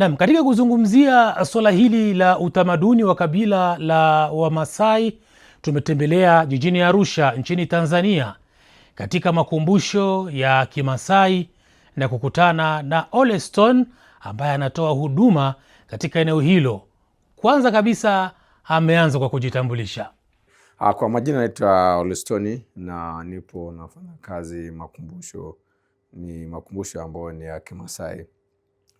Naam, katika kuzungumzia suala hili la utamaduni wa kabila la Wamasai tumetembelea jijini Arusha nchini Tanzania katika makumbusho ya Kimasai na kukutana na oleston ambaye anatoa huduma katika eneo hilo. Kwanza kabisa ameanza kwa kujitambulisha. Ah, kwa majina anaitwa olestoni na nipo nafanya kazi makumbusho, ni makumbusho ambayo ni ya Kimasai.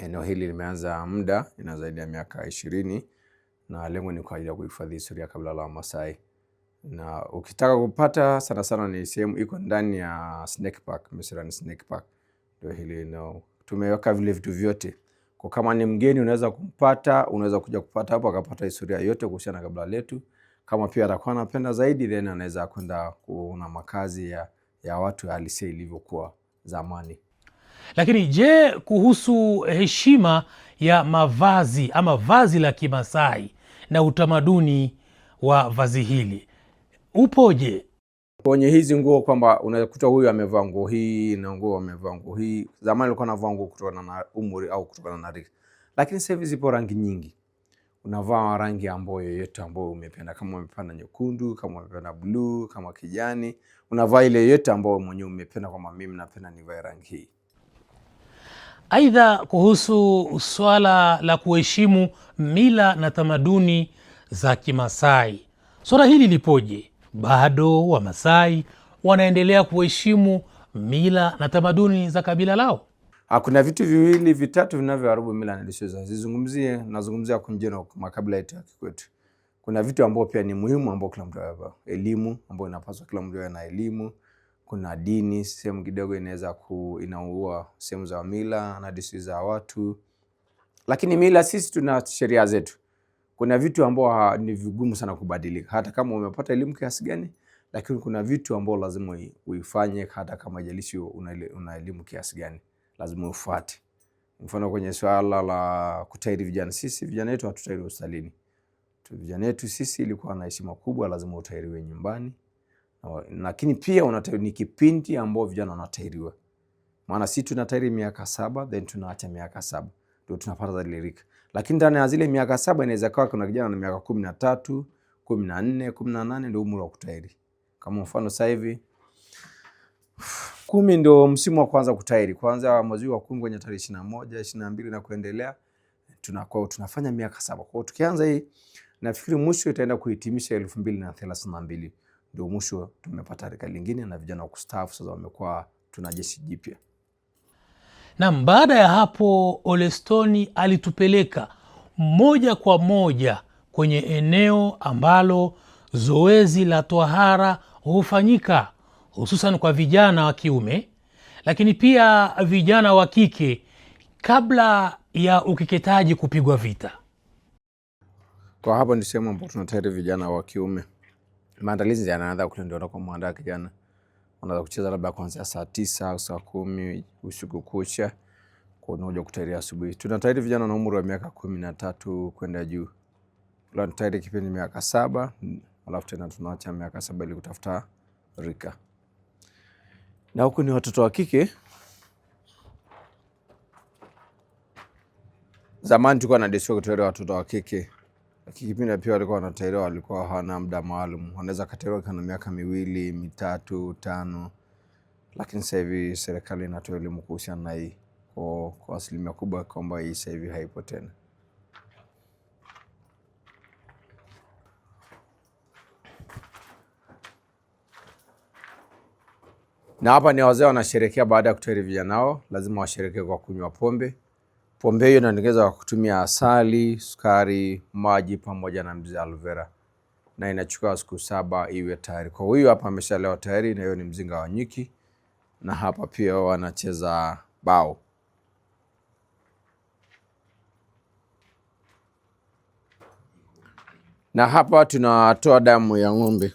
Eneo hili limeanza muda ina zaidi ya miaka ishirini na lengo ni kwa ajili ya kuhifadhi historia kabila la Wamasai, na ukitaka kupata sana sana ni sehemu iko ndani ya Snake Park, Meserani Snake Park ndio hili no. tumeweka vile vitu vyote kwa kama ni mgeni unaweza kumpata, unaweza kuja kupata hapo akapata historia yote kuhusiana na kabila letu. Kama pia atakuwa anapenda zaidi, then anaweza kwenda kuona makazi ya, ya watu halisia ilivyokuwa zamani. Lakini je, kuhusu heshima ya mavazi ama vazi la Kimasai na utamaduni wa vazi hili upoje? Kwenye hizi nguo kwamba unakuta huyu amevaa nguo hii na nguo amevaa nguo hii. Zamani alikuwa anavaa nguo kutokana na umri au kutokana na rika, lakini sasa hivi zipo rangi nyingi. Unavaa rangi ambayo yoyote ambayo umependa, kama umependa nyekundu, kama umependa bluu, kama kijani, unavaa ile yoyote ambayo mwenyewe umependa, kwamba mimi napenda nivae rangi hii. Aidha, kuhusu swala la kuheshimu mila na tamaduni za Kimasai, swala hili lipoje? Bado Wamasai wanaendelea kuheshimu mila na tamaduni za kabila lao? Kuna vitu viwili vitatu vinavyoharibu mila na desturi zizungumzie, nazungumzia kunjeno makabila yetu ya kikwetu. Kuna vitu ambao pia ni muhimu ambao kila mtu elimu ambao inapaswa kila mtu awe na elimu kuna dini sehemu kidogo inaweza inaua sehemu za mila na desturi za watu, lakini mila sisi tuna sheria zetu. Kuna vitu ambao ni vigumu sana kubadilika, hata kama umepata elimu kiasi gani, lakini kuna vitu ambao lazima uifanye, hata kama ijalishi una elimu kiasi gani, lazima ufuate. Mfano, kwenye swala la kutairi vijana, sisi vijana wetu hatutairi hospitalini, vijana wetu sisi ilikuwa na heshima kubwa, lazima utairiwe nyumbani lakini pia ni kipindi ambao vijana wanatairiwa, maana si tunatairi miaka saba then tunaacha miaka saba ndio tunapata zile rika, lakini ndani ya zile miaka saba inaweza kuwa kuna kijana na miaka kumi na tatu kumi na nne kumi na nane ndio umri wa kutairi. Kama mfano sasa hivi kumi ndio msimu wa kwanza kutairi, kwanza mwezi wa kumi kwenye tarehe ishirini na moja ishirini na mbili na kuendelea tunakuwa tunafanya miaka saba. Kwa hiyo tukianza hii, nafikiri mwisho itaenda kuhitimisha elfu mbili na thelathini na mbili ndio mwisho tumepata rika lingine na vijana wa kustaafu sasa wamekuwa tuna jeshi jipya. Naam, baada ya hapo Olestoni alitupeleka moja kwa moja kwenye eneo ambalo zoezi la tohara hufanyika hususan kwa vijana wa kiume, lakini pia vijana wa kike kabla ya ukeketaji kupigwa vita. Kwa hapa ni sehemu ambapo tunatayari vijana wa kiume maandalizi yanaanza kulindwa kwa mwandaa kijana unaanza kucheza labda kuanzia saa tisa au saa kumi usiku kucha, kunakuja kutairi asubuhi. Tunatairi vijana na umri wa miaka kumi na tatu kwenda juu, tairi kipindi miaka saba alafu tena tunaacha miaka saba ili kutafuta rika. Na huku ni watoto wa kike. Zamani tulikuwa na desturi kutairi watoto wa kike kipindi pia walikuwa wanatairiwa, walikuwa hawana muda maalum, wanaweza katairiwa kana miaka miwili mitatu tano, lakini sasa hivi serikali inatoa elimu kuhusiana na hii kwa, kwa asilimia kubwa kwamba hii sasa hivi haipo tena. Na hapa ni wazee wanasherekea baada ya kutairi vijana wao, lazima washerekee kwa kunywa pombe Pombe hiyo inatengenezwa kwa kutumia asali, sukari, maji pamoja na mzizi aloe vera na inachukua siku saba iwe tayari. Kwa huyu hapa ameshalewa tayari, na hiyo ni mzinga wa nyuki, na hapa pia wanacheza bao. Na hapa tunatoa damu ya ng'ombe,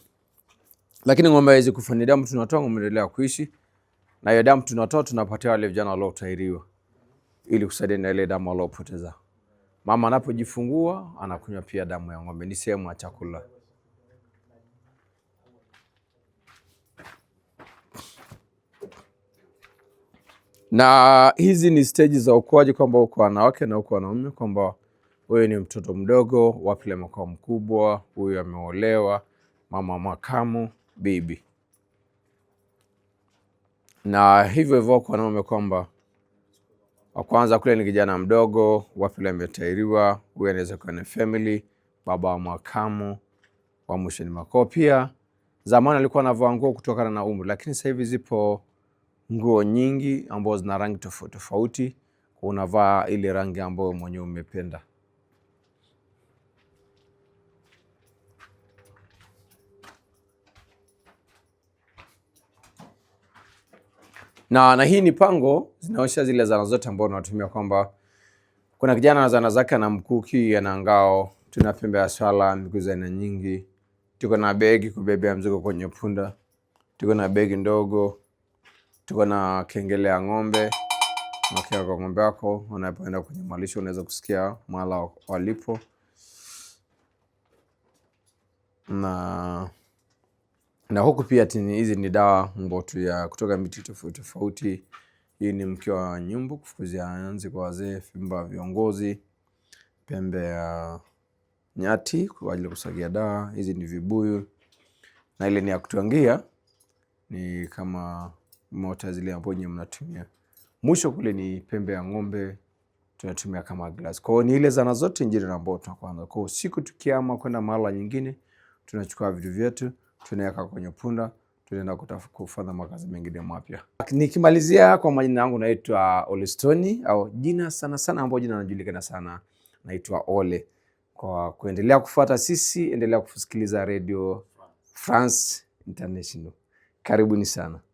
lakini ng'ombe hawezi kufa, ni damu tunatoa, ng'ombe endelea kuishi, na hiyo damu tunatoa tunapatia wale vijana waliotahiriwa ili kusaidia na ile damu alopoteza. Mama anapojifungua anakunywa pia damu ya ng'ombe, ni sehemu ya chakula. Na hizi ni steji za ukuaji, kwamba uko wanawake na uko wanaume, kwamba huyu ni mtoto mdogo, wapi amekuwa mkubwa, huyu ameolewa, mama makamu, bibi. Na hivyo hivyo kwa wanaume kwamba wa kwanza kule ni kijana mdogo, wa pili ametairiwa, huyu anaweza kuwa ni family, baba wa makamu, wa mwisho ni makoo. Pia zamani alikuwa anavaa nguo kutokana na umri, lakini sasa hivi zipo nguo nyingi ambazo zina rangi tofauti tofauti, unavaa ile rangi ambayo mwenyewe umependa. Na, na hii ni pango zinaosha zile zana zote ambao unatumia kwamba kuna kijana na zana zake ana mkuki ana ngao, tuna pembe ya swala, miguu aina nyingi, tuko na begi kubebea mzigo kwenye punda, tuko na begi ndogo, tuko na kengele ya ng'ombe makia kwa ng'ombe wako unapoenda kwenye malisho, unaweza kusikia mahala walipo na na huku pia tini, hizi ni dawa mbotu ya kutoka miti tofauti tofauti. Hii ni mke wa nyumbu, kufukuzia nzi kwa wazee, fimba viongozi, pembe ya nyati kwa ajili ya kusagia dawa. Hizi ni vibuyu, na ile ni ya kutangia, ni kama mota zile ambapo nyinyi mnatumia. Mwisho kule ni pembe ya ng'ombe tunatumia kama glass. Kwa hiyo ni ile zana zote njiri ambao tunakuwa nazo. Kwa hiyo siku tukiama kwenda mahala nyingine, tunachukua vitu vyetu tunaweka kwenye punda tunaenda kufanya makazi mengine mapya. Nikimalizia kwa majina yangu naitwa Ole au jina sana sana ambayo jina najulikana sana naitwa Ole. Kwa kuendelea kufuata sisi, endelea kusikiliza Radio France International. Karibuni sana.